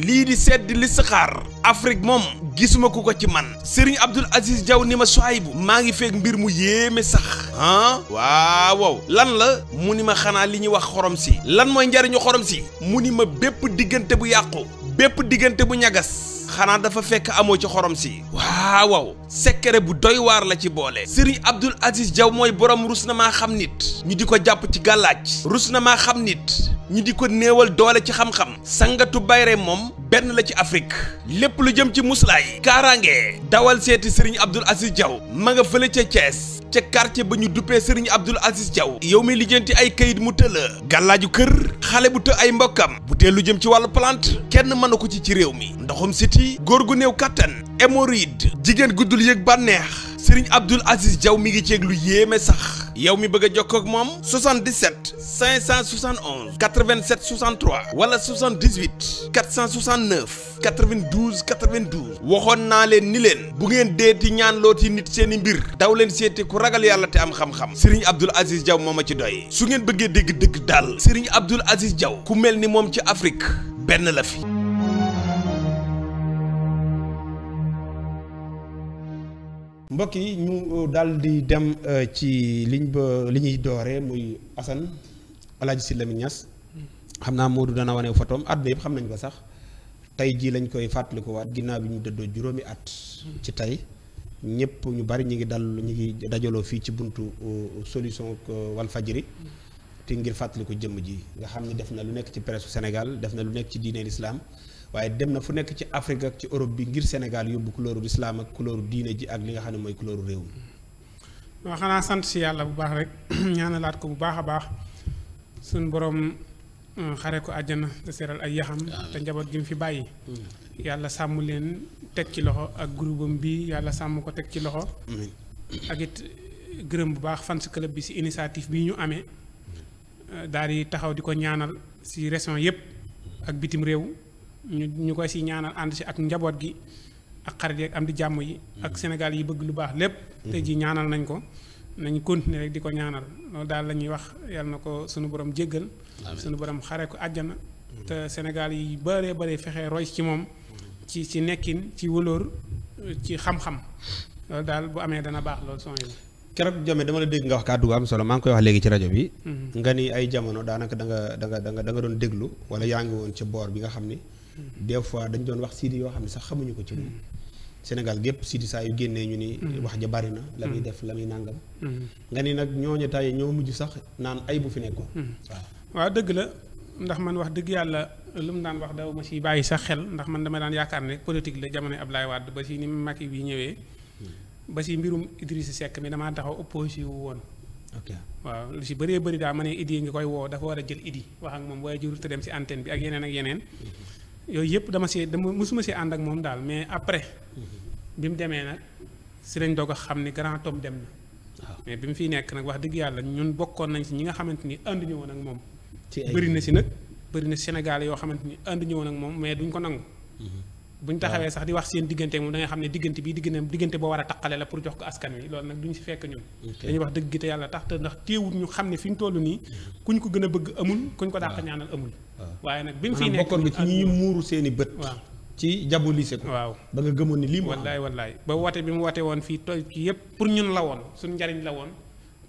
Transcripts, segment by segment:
lii di sedd li saxaar Afrique moom gisuma ku ko ci man Serigne Abdoul Aziz Diaw ni ma bu maa ngi feeg mbir mu yéeme sax ah waaw lan la mu ni ma xanaa li ñuy wax xorom si lan mooy njariñu xorom si mu ni ma bépp diggante bu yàqu bépp diggante bu ñagas xanaa dafa fekk amoo ci xorom si waaw secret bu doy waar la ci boole Serigne Abdoul Aziz Diaw mooy borom rus na maa xam nit ñu di ko jàpp ci gàllaaj rus na maa xam nit ñi di ko néewal doole ci xam-xam sangatu bayre moom benn la ci Afrique lépp lu jëm ci muslaay kaaraange dawal seeti Serigne Abdoul Aziz Diaw ma nga fële ca cees ca quartier ba ñu duppee Serigne Abdoul Aziz Diaw yow mi lijjanti ay kayit mu tëla gàllaaju kër xale bu të ay mbokkam bu lu jëm ci wàllu plante kenn mënu ko ci ci réew mi ndoxum siti góor gu néew kattan hémorroïde jigéen guddul yëg bànneex Serigne Abdoul Aziz Diaw mi ngi ceeg lu yéeme sax yow mi bëgg a jokkoo ak moom 77 571 87 63 wala 78 469 92 92 waxoon naa leen ni leen bu ngeen deeti ñaan yi nit seeni mbir daw leen seeti ku ragal yàlla te am xam-xam Serigne Abdoul Aziz Diaw moo ma ci doy su ngeen bëggee dégg dëgg daal Serigne Abdoul Aziz Diaw ku mel ni moom ci Afrique benn la fi. mbokk yi ñu euh, daal di dem euh, ci liñ ba li ñuy doore muy Assane Alaaji si Lamine Niass xam naa Modou dana wane fotoom àdduna yëpp xam nañ ko sax tey jii lañ koy war ginnaaw bi ñu dëddoo juróomi at ci tey ñëpp ñu bari ñu ngi dal ñu ngi dajaloo fii ci buntu euh, solution Walfadjri te ngir fàttaliku jëmm ji nga xam ne def na lu nekk ci presse Sénégal def na lu nekk ci diine l'islam waaye dem na fu nekk ci Afrique ak ci Europe bi ngir Sénégal yóbbu couleur bu islaam ak couleur diine ji ak li nga xam ne mooy couleur réew mi. waaw xanaa sant si yàlla bu baax rek ñaanalaat ko bu baax a baax suñ boroom euh, xare ko àjjana te seeral ay yaxam te njaboot gi mu fi bàyyi. yàlla sàmm leen teg ci loxo ak groupam bi yàlla sàmm ko teg ci loxo. ak it euh, gërëm bu baax fans club bi si initiative bi ñu amee euh, daal di taxaw di ko ñaanal si région yëpp ak bitim réew. ñu ñu koy si ñaanal ànd si ak njaboot gi ak xarit yeeg am di jàmm yi. ak mm-hmm. Sénégal yi bëgg lu baax lépp. Mm-hmm. tey ji ñaanal nañ ko nañ continuer rek di ko ñaanal loolu daal la ñuy wax yal na ko sunu borom jéggal. sunu borom xare ko àjjana. Mm-hmm. te Sénégal yi bëree bëri fexe roy ci moom. ci ci nekkin ci wëlóor ci xam-xam loolu daal bu amee dana baax loolu son yi. keroog jame dama la dégg nga wax kàddu gu am solo maa ngi koy wax léegi ci rajo bi. nga ni ay jamono daanaka da nga da nga da doon déglu wala yaa woon ci boor bi nga xam ni. des fois dañ doon wax Sidi yoo xam ne sax xamuñu ko ci moom. Sénégal gépp Sidi saa yu génnee ñu ni. Mm. wax ja bari na. la muy mm. def la muy nàngam. Mm. nga ni nag ñooñu tey ñoo mujj sax naan ay bu fi nekkoon. waa waaw dëgg la ndax man wax dëgg yàlla lu mu daan wax daw ma siy bàyyi sax xel ndax man dama daan yaakaar ne politique la jamono Ablaye Wade ba si ni Macky bi ñëwee. ba si mbirum Idrissa sekk mi damaa taxaw opposé si woon. ok waaw lu si bëree bari daa ma ne Idi ngi koy woo dafa war a jël Idi wax ak moom waaye jurut dem si antenne bi ak yeneen yeneen. Mm-hmm. yooyu yëpp dama see dama mosuma see ànd ak moom daal mais après mhm. bi mu demee nag si lañ doog a xam ni grand tom dem na. Ah. mais bi mu fi nekk nag wax dëgg yàlla ñun bokkoon nañ si ñi nga xamante ni ànduñu woon ak moom. ci bëri na si nag bëri na Sénégal yoo xamante ni ànduñu woon ak moom mais duñ ko nangu. Mhm. buñ ñu taxawee sax di wax seen diggante moom da xam ne diggante bi diggante diggante boo war a taqale la pour jox ko askan wi loolu nag duñu si fekk ñun dañuy wax dëgg gi te yàlla tax te ndax téewut ñu xam ne fi ñu toll nii mhm. kuñ ko gën a bëgg amul ku kuñ ko daa dàq ñaanal amul waaye nag bi mu fi nekk bokkoon muuru seeni bët waaw ci jabolise ko waaw ba nga gëmoon ni lii mu wallaay wallaay ba woote bi mu woote woon fii tooy yëpp pour ñun la woon suñ njariñ la woon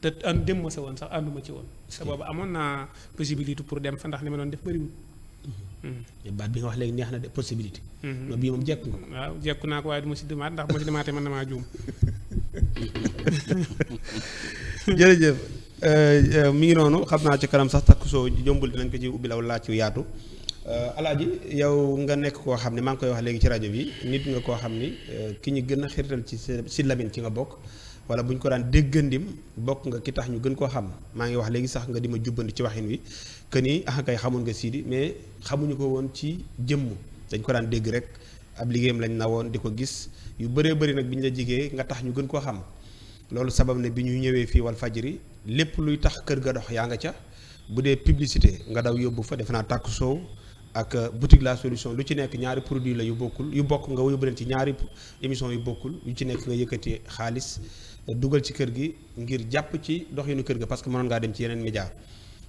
te an dem ma sa woon sax ànduma ci woon sa boobu amoon naa possibilité pour dem fa ndax li ma doon def bëriwul Mm-hmm. baat bi nga wax léegi neex na de possibilité. mais mm-hmm. bii moom jekku nga waaw jekku naa ko waaye du ma si demaat ndax ma si demaatee mën na maa juum. jërëjëf euh, euh, mi ngi noonu xam naa ci kanam sax takk soo jombul dinañ ko ci ubbi law laaj ci yaatu. Euh, alaaji yow nga nekk koo xam ne maa ngi koy wax léegi ci rajo bi nit nga koo xam ni ki ñu gën a xirtal ci si lamin ci nga bokk. wala bu ñu ko daan déggandim bokk nga ki tax ñu gën koo xam maa ngi wax léegi sax nga di ma jubbandi ci waxin wi que ni ah kay xamoon nga Sidi mais xamuñu ko woon ci jëmm dañ ko daan dégg rek ab liggéeyam lañ na woon di ko gis yu bëree bëri nag bi ñu la jigee nga tax ñu gën koo xam loolu sabab ne bi ñu ñëwee fii wal fajiri lépp luy tax kër ga dox yaa nga ca bu dee publicité nga daw yóbbu fa defe naa tàkk soow ak euh, boutique la solution lu ci nekk ñaari produit la yu bokkul yu bokk nga yóbbu leen ci ñaari émission yu bokkul yu ci nekk nga yëkkati xaalis dugal ci kër gi ngir jàpp ci doxinu kër gi parce que mënoon ngaa dem ci yeneen média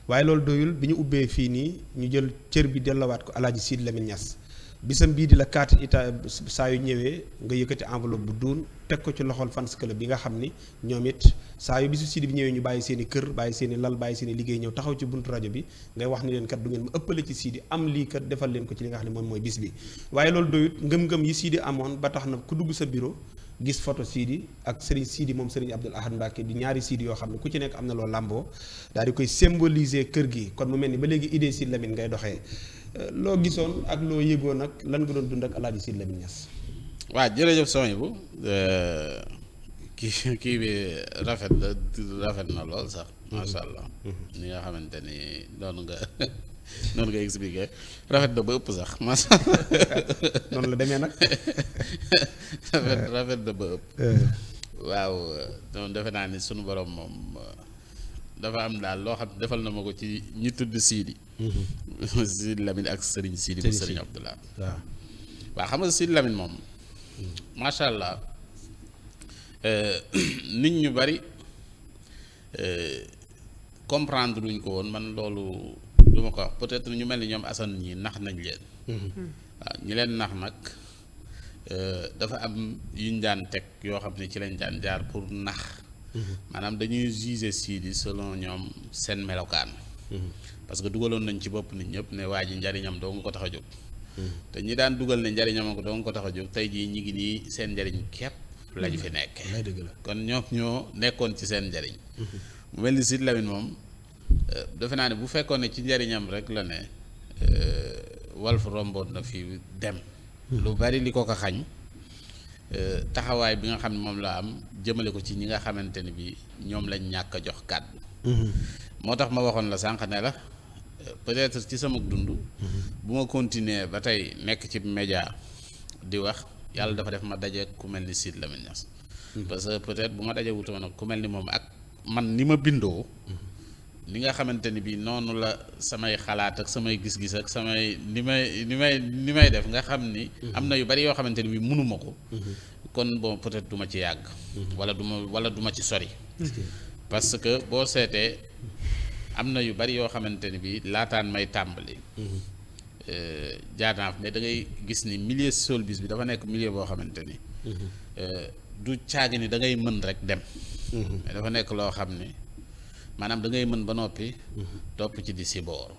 waaye loolu doyul bi ñu ubbee fii nii ñu jël cër bi dellawaat ko alaaji Sidy Lamine Niass bisam bii di la kaati ita saa yu ñëwee nga yëkkati enveloppe bu duun teg ko ci loxol fans club bi nga xam ni ñoom it saa yu bisu Sidi bi ñëwee ñu bàyyi seen i kër bàyyi seen i lal bàyyi seen liggéey ñëw taxaw ci buntu rajo bi ngay wax ni leen kat du ngeen ma ëppale ci Sidi am lii kat defal leen ko ci li nga xam ne moom mooy bis bi waaye loolu doyut ngëm-ngëm yi Sidi amoon ba tax na ku dugg sa bureau gis photo Sidi ak Serigne Sidi moom Serigne Abdoul Ahad Mbacké di ñaari Sidi yoo xam ne ku ci nekk am na loo làmboo daal di koy kër gi kon mu mel ni ba léegi idée Sidi Lamine ngay doxee loo gisoon ak loo yëgoon nag lan nga doon dund ak Alaaji Sidy Lamine waa waaw jërëjëf sama bu euh, kii kii bi rafet la rafet na lool sax macha allah. Mm-hmm. ni nga xamante ni doon nga. noonu nga expliqué rafet na ba ëpp sax macha noonu la demee nag. rafet rafet na ba ëpp. Eh. waaw doon defe naa ni sunu borom moom dafa am daal loo xam defal na ma ko ci ñi tudd Sidy. Mm-hmm. Sidi Lamine ak Serigne Sidi bu Serigne Abdoulah waaw waa xam nga Sidi Lamine moom mm-hmm. macha allah eh, nit ñu bari eh, comprendre luñ ko woon man loolu du ko wax peut-être ñu mel ni ñoom Assane ñi nax nañ leen mm-hmm. waaw ñi leen nax nag eh, dafa am yuñ daan teg yoo xam ne ci lañ daan jaar pour nax maanaam dañuy juger Sidi selon ñoom seen melokaan parce que dugaloon nañ ci bopp nit ñëpp ne waa ji njariñam doo nga ko tax a jóg hmm. te ñi daan dugal ne njariñam ko doo nga ko tax a jóg tey ñi ngi nii seen njariñ képp lañu hmm. fi nekk dëgg la kon ñoom ñoo nekkoon ci seen njariñ hmm. mu mel ni Sidy Lamine moom euh, defe naa ne bu fekkoon ne ci njariñam rek la ne euh, Walf romboon na fi dem lu bari li ko ko xañ euh, taxawaay bi nga xam ne moom la am jëmale ko ci ñi nga xamante ne bi ñoom lañ ñàkk a jox kàddu moo tax ma waxoon la sànq ne la peut-être ci sama dund. bu ma continuer ba tey nekk ci média di wax yàlla dafa def ma daje ku mel ni Sidy Lamine Niass. Mm-hmm. parce que peut-être bu ma daje wutoon nag ku mel ni moom ak man ni ma bindoo. li mm-hmm. nga xamante ni bii noonu la samay xalaat ak samay gis-gis ak samay ni may ni may li may def nga xam ni. Mm-hmm. am na yu bari yoo xamante ni bii mënuma ko. kon bon peut-être du ma ci yàgg. wala du ma wala du ma ci sori. parce que boo seetee am na yu bari yoo xamante ne bi laataan may tàmbali mhm. euh, jaanaaf ne da ngay gis ni milieu showbiz bi dafa nekk milieu boo xamante ni mhm. euh, du caagi ni dangay mën rek dem mhm. mais dafa nekk loo xam ne maanaam da ngay mën ba noppi topp ci di siboor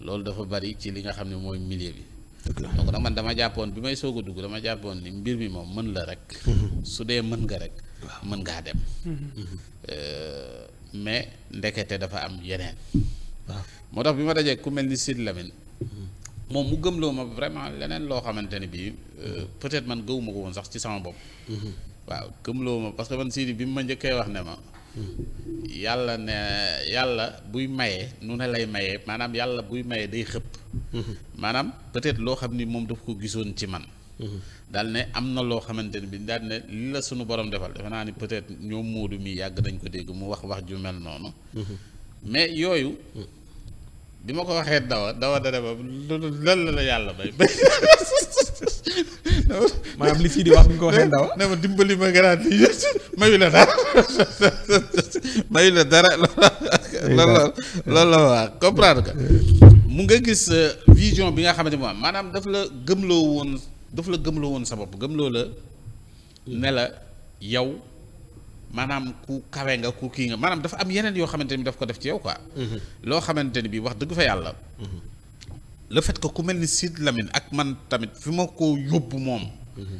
loolu dafa bari ci li nga xam ne mooy millier bi donc nag man dama jàppoon bi may soog a dugg dama jàppoon ni mbir mi moom mën la rek su dee mën nga rek mën ngaa dem euh, mais ndekete dafa am yeneen. waaw moo tax bi ma dajee ku mel ni Sidi Lamine. moom mu gëmloo ma vraiment leneen loo xamante ne bii euh, peut-être man gëwuma ko woon sax ci sama bopp. waaw gëmloo ma parce que man Sidi bi mu ma njëkkee wax ne ma. yàlla ne yàlla buy maye nu ne lay maye maanaam yàlla buy maye day xëpp. maanaam peut-être loo xam ni moom dafa ko gisoon ci man. daal ne am na loo xamante ne bi daal ne li la sunu borom defal defe naa ni peut-être ñoom Moodu mi yàgg dañ ko dégg mu wax wax ju mel noonu. mais yooyu. bi ma ko waxee dawa dawa da ba lan la yàlla bay bay. li sii di wax ko waxee dawa. ne ma dimbali ma garaat lii la dara mayu la dara loolu loolu la wax comprendre nga mu nga gis euh, vision bi nga xamante ne moom maanaam daf la gëmloo woon. daf la gëmloo woon sa bopp loo la ne la yow maanaam ku kawe nga ku kii nga maanaam dafa am yeneen yoo xamante ni daf ko def ci yow quoi. Mhm. loo xamante ni bii wax dëgg fa yàlla. Mhm. le fait que ku mel ni siit Lamine ak man tamit fi ma ko yóbbu moom. Mhm.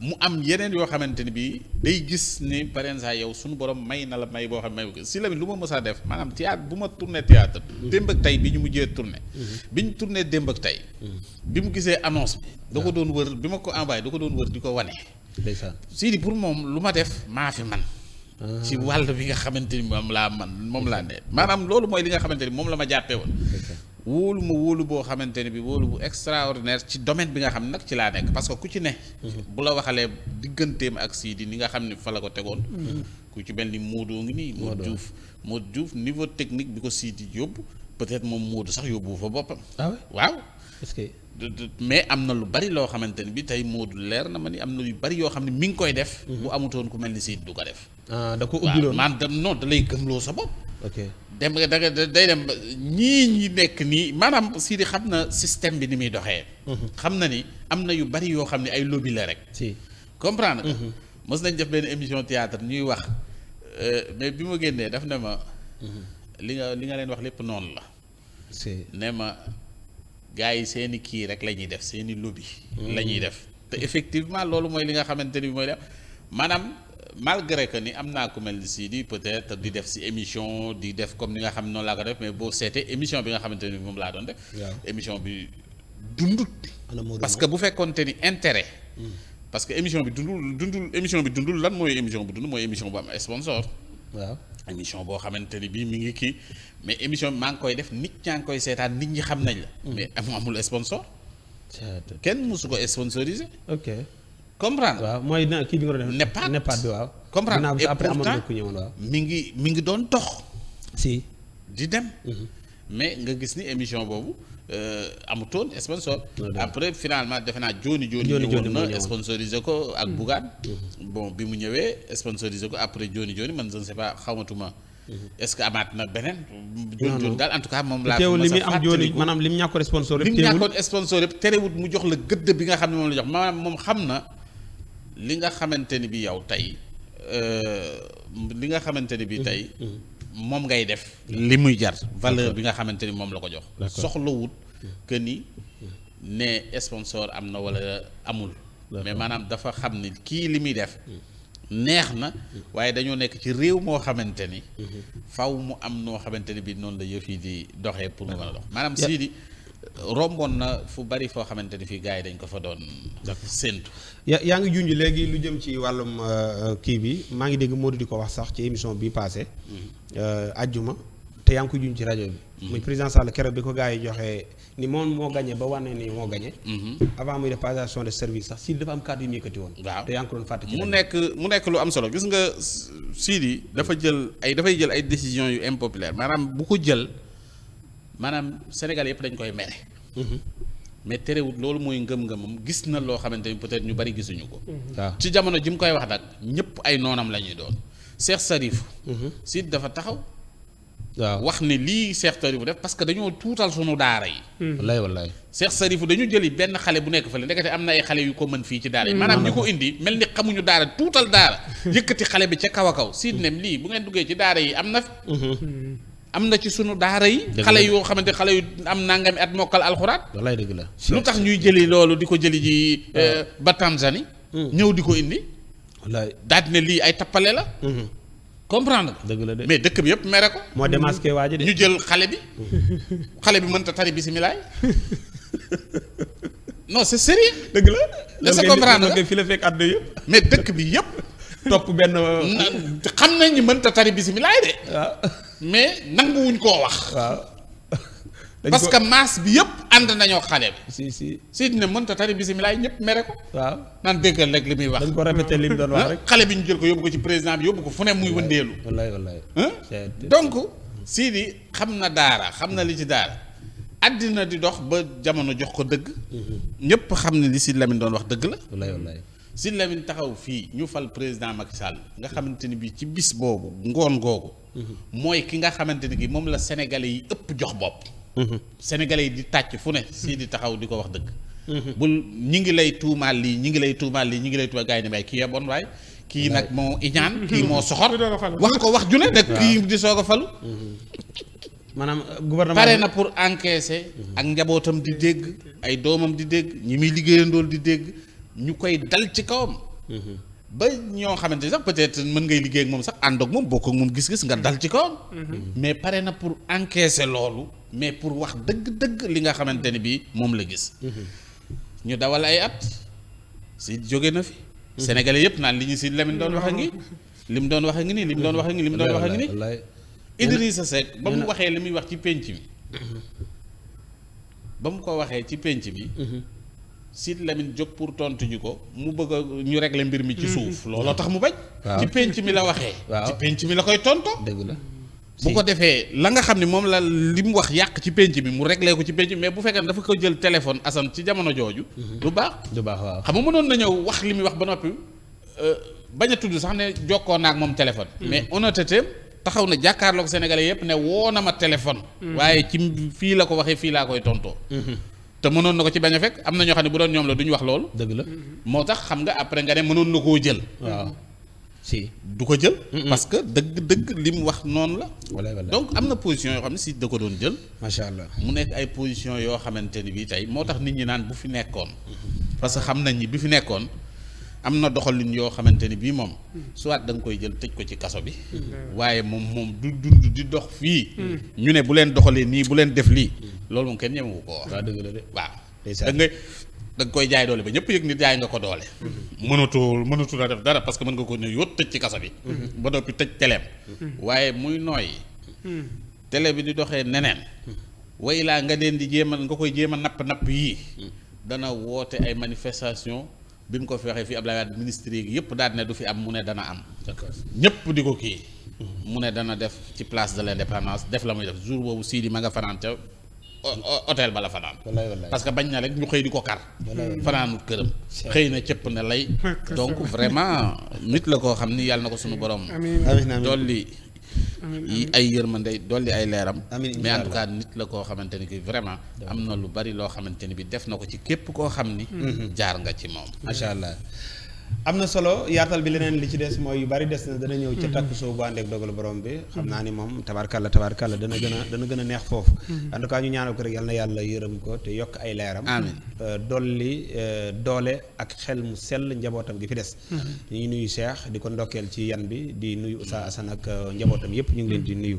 mu am yeneen yoo xamante ni bii day gis ni par exemple yow suñu borom may na la may boo xam ne may si la lu ma mës def maanaam théâtre bu ma tourné théâtre démb ak tey bi ñu mujjee tourné bi ñu tourné démb ak tey bi mu gisee annonce bi da ko doon wër bi ma ko envoyé da ko doon wër di ko wane sii di pour moom lu ma def maa fi man ah. ci wàll bi nga xamante ni moom laa man moom laa ne maanaam loolu mooy li nga xamante ni moom la ma jàppee woon wóolu ma wóolu boo xamante ne bi wóolu bu extraordinaire ci domaine bi nga xam nag ci laa nekk parce que ku ci ne mhm. bu la waxalee digganteem ak Sidi ni nga xam ne fa la ko tegoon mhm. ku ci mel ni Modou ngi nii Modou Diouf Modou Diouf niveau technique bi ko di yóbbu peut-être moom Modou sax yóbbu fa boppam ah waaw est-ce que mais am na lu bari loo xamante ni bi tey moodul leer na ma ni am na yu bari yoo xam ne mi ngi koy def mhm. bu amutoon ku mel ni Sidi du ko def ah, da ko ubbiloon maanaam non da lay gëmloo sa bopp dem nga da nga day dem ñii ñi nekk nii maanaam si di xam na système bi ni muy doxee. Mhm. xam na ni am na yu bari yoo xam ne ay lobby la rek. si comprendre nga. Mhm. mos nañ def benn émission théâtre ñuy wax euh, mais bi ma génnee daf ne ma. Mhm. li nga li nga leen wax lépp noonu la. si ne ma gars yi seen i kii rek la ñuy def seeni i lobby. la ñuy def te effectivement loolu mooy li nga xamante ni mooy maanaam. malgré que ni am naa ku mel ni Sidi peut-être di def si émission di def comme ni nga xam noonu laa ko def mais boo seetee émission bi nga xamante ne moom laa doon def. émission bi dundut. parce que bu fekkoonte ni intérêt. Hmm. parce que émission bi dundul dundul émission bi dundul lan mooy émission bu dund mooy émission bu am sponsor. waaw boo xamante ni bii mi ngi kii mais émission maa ngi koy def nit ñaa ngi koy seetaan nit ñi xam nañ la. Hmm. mais amul sponsor. kenn mosu ko sponsorisé. ok. comprendre waaw mooy kii bi nga doon def. neppaat neppaat bi waaw. comprendre et pourtant mi ngi mi ngi doon dox. si di dem. Mhm. mais nga gis ni émission boobu euh, amutoon sponsor. après finalement defe naa jooni jooni. jooni jooni ñëwoon na sponsorisé ko ak mhm. Bougane. Mhm. bon bi mu ñëwee sponsorisé ko après jooni jooni man je moom laa. jox la nga xam ne moom la jox moom xam na. li nga xamante ni bi yow tey euh, li nga xamante ni bi mhm. tey mhm. moom ngay def li muy jar valeur bi nga xamante ni moom la ko jox soxlawut mhm. que ni ne sponsor am na wala amul mais maanaam dafa xam ni kii li muy def neex na waaye dañoo nekk ci réew moo xamante ni faw mu am noo xamante ni bi noonu la yëf yi di doxee pour mu mën a dox maanaam sii di romboon na fu bari foo xamante ni fii gars yi dañ ko fa doon séentu yaa ngi junj léegi lu jëm ci wàllum euh, euh, kii bi maa ngi dégg Modou di ko wax sax ci émission bi passé mm-hmm. euh, ajjuma te yaa ngi ci rajo bi mm-hmm. muy président Sall keroog bi ko gars yi joxe ni moom moo gagné ba wane ni moo gañe mm-hmm. avant muy def passation de service sax Sidi dafa am kàddu yi mu yëkkati woon waaw te yaa ngi ko doon fàtte ci mu nekk mu nekk lu am solo gis nga Sidi dafa jël ay dafay jël ay décisions yu impopulaire maanaam bu ko jël maanaam Sénégal yëpp dañ koy mere mais terewut loolu mooy ngëm-ngëmam gis na loo xamante ni peut-être ñu bari gisuñu ko. waaw mhm. ah. ci jamono ji mu koy wax nag ñëpp ay noonam la ñuy doon. Cheikh Sarif. Mhm. si dafa taxaw. waaw ah. wax ne lii Cheikh Sarif def parce que dañoo tuutal sunu daara yi. Mhm. wallaay wallaay Cheikh Sarif dañu jëli benn xale bu nekk fële ndekete am na ay xale yu ko mën fii ci daara yi. maanaam ñi ko indi mel ni xamuñu daara tuutal daara. yëkkati xale bi ca kaw a kaw. siit ne lii bu ngeen duggee ci daara yi am na. am na ci sunu daara yi. xale yoo xamante xale yu am nangami at mokkal alxuraan. wallaay dëgg la lu tax ñuy jëli loolu di ko jëli ji. Ah. Euh, ba Tanzanie. Hmm. ñëw di ko indi. wallaay daal lii ay tappale la. Hmm. comprendre nga. dëgg la dëkk bi yëpp mere ko. moo démasqué waa ji de. jël xale bi. Hmm. xale bi mënta tari bisimilah. non c'est sérieux. dëgg la de sa comprendre nga mais dëkk bi yëpp. topp benn. Euh, xam nañ ni mënta tari bisimilah de. Ah. mais nanguwuñ koo wax. waaw. parce que masse bi yëpp ànd nañoo xale bi. si si si dina mënta tari bisimilah ñëpp mere ko. waaw naan déggal rek li muy wax. dañ ko répété li mu doon wax ah, rek. xale bi ñu jël ko yóbbu ko ci président bi yóbbu ko fu ne muy wëndeelu. wallaay wallaay ah? donc Sidi xam na daara xam na li ci daara. àddina di dox ba jamono jox ko dëgg. Mm-hmm. ñëpp xam ne li si Lamine doon wax dëgg la. wallaay si Lamine taxaw fii ñu fal président Macky Sall nga xamante ni bii ci bis boobu ngoon googu. mooy ki nga xamante ni bii moom la sénégalais yi ëpp jox bopp. sénégalais yi di tàcc fu ne di taxaw di ko wax dëgg. bul ñu ngi lay tuumaal lii ñu ngi lay tuumaal lii ñu ngi lay tuumaal gaay yi ne may kii yeboon waay. kii nag moo iñaan kii moo soxor. wax ko wax ju ne rek kii di soog a falu. maanaam euh, gouvernement pare na pour encaisser. ak njabootam di dégg ay doomam di dégg ñi muy liggéeyandool di dégg. ñu koy dal ci kawam. ba ñoo xamante sax peut-être mën ngay liggéey ak moom sax ànd ak moom bokk moom gis-gis nga dal ci kawam. mais pare na pour encaisser loolu mais pour wax dëgg-dëgg li nga xamante ne bii moom la gis. ñu dawal ay at si jóge na fi. Sénégalais yëpp naan li ñu si Lamine doon wax a ngi. li mu doon wax a ngi li mu doon wax a ngi li mu doon wax a ngi nii. Idrissa Seck ba mu waxee li muy wax ci pénc mi. ba mu ko waxee ci pénc bi Sidy Lamine jóg pour tontu ji ko mu bëgg ñu regle mbir mi ci mm-hmm. suuf. looloo tax mu bañ. ci penc mi la waxee. ci penc mi la koy tonto dëgg la bu ko defee la nga xam ne moom la li mu wax yàq ci penc mi mu régler ko ci penc mi mais bu fekkee dafa ko jël téléphone Assane ci jamono jooju. Mm-hmm. du baax du baax waaw. xam nga mënoon na ñëw wax li muy wax ba noppi euh, bañ a tudd sax ne jokkoo naa ak moom téléphone. Mm-hmm. mais honnêteté taxaw na jàkkaarloog Sénégalais yëpp ne woo na ma téléphone. waaye ci fii la ko waxee fii laa koy tontoo. te mënoon na ko ci bañ a fekk am na ñoo xam ne bu doon ñoom la duñu wax loolu. dëgg la moo tax xam nga après nga ne mënoon na koo jël. si du ko jël. parce que dëgg dëgg li mu wax noonu la. walaay walaay am na position yoo xam ne si da ko doon jël. macha allah mu nekk ay position yoo xamante ni bii tey moo tax nit ñi naan bu fi nekkoon. parce que xam nañ ni bi fi nekkoon am na doxalin yoo xamante ni bii moom. soit da nga koy jël tëj ko ci kaso bi. Mm-hmm. waaye moom moom du dund di dox fii. Mm-hmm. ñu ne bu leen doxalee nii bu leen def lii. loolu moom kenn ñemewu ko wax. waaw dëgg la de waaw. da ngay da koy jaay doole ba ñëpp yëg ni jaay nga ko doole. Mm-hmm. mënatul mënatul a def dara parce que mën nga ko ñëw yóot tëj ci kaso bi. Mm-hmm. ba noppi tëj teleem. Mm-hmm. waaye muy nooy. télé bi di doxee neneen. way laa nga leen di jéem a nga koy jéem a napp napp yii. dana woote ay manifestation bi mu ko fi waxee fii Abdoulaye Wade ministre yi yëpp daal ne du fi am mu ne dana am. ñëpp di ko kii. mu ne dana def ci place de l' indépendance def la muy def jour boobu sii ma nga fanaan hôtel ba la fanaan parce que bañ na rek ñu xëy di ko kar fanaanut këram xëy na cëpp na lay donc vraiment nit la koo xam ni yàlla na ko suñu borom dolli yi ay yërmande dolli ay leeram mais en tout cas nit la koo xamante ni ki vraiment am na lu bari loo xamante ni bi def na ko ci képp koo xam ni mm-hmm. jaar nga ci moom macha allah am na solo yaatal bi leneen li ci des mooy yu bari des na dana ñëw ca takku soo bu àndeek dogalu borom bi xam naa ni moom tabarkalla tabarkalla dana gën a dana gën a neex foofu mm-hmm. en tout cas ñu ñaanal ko rek yal na yàlla yërëm ko te yokk ay leeram amiin euh, dolli euh, doole ak xel mu sell njabootam gi fi des mm-hmm. ñu ngi nuyu Cheikh di ko ndokkeel ci yan bi di nuyu Oustaz Assane ak euh, njabootam yépp ñu ngi leen di nuyu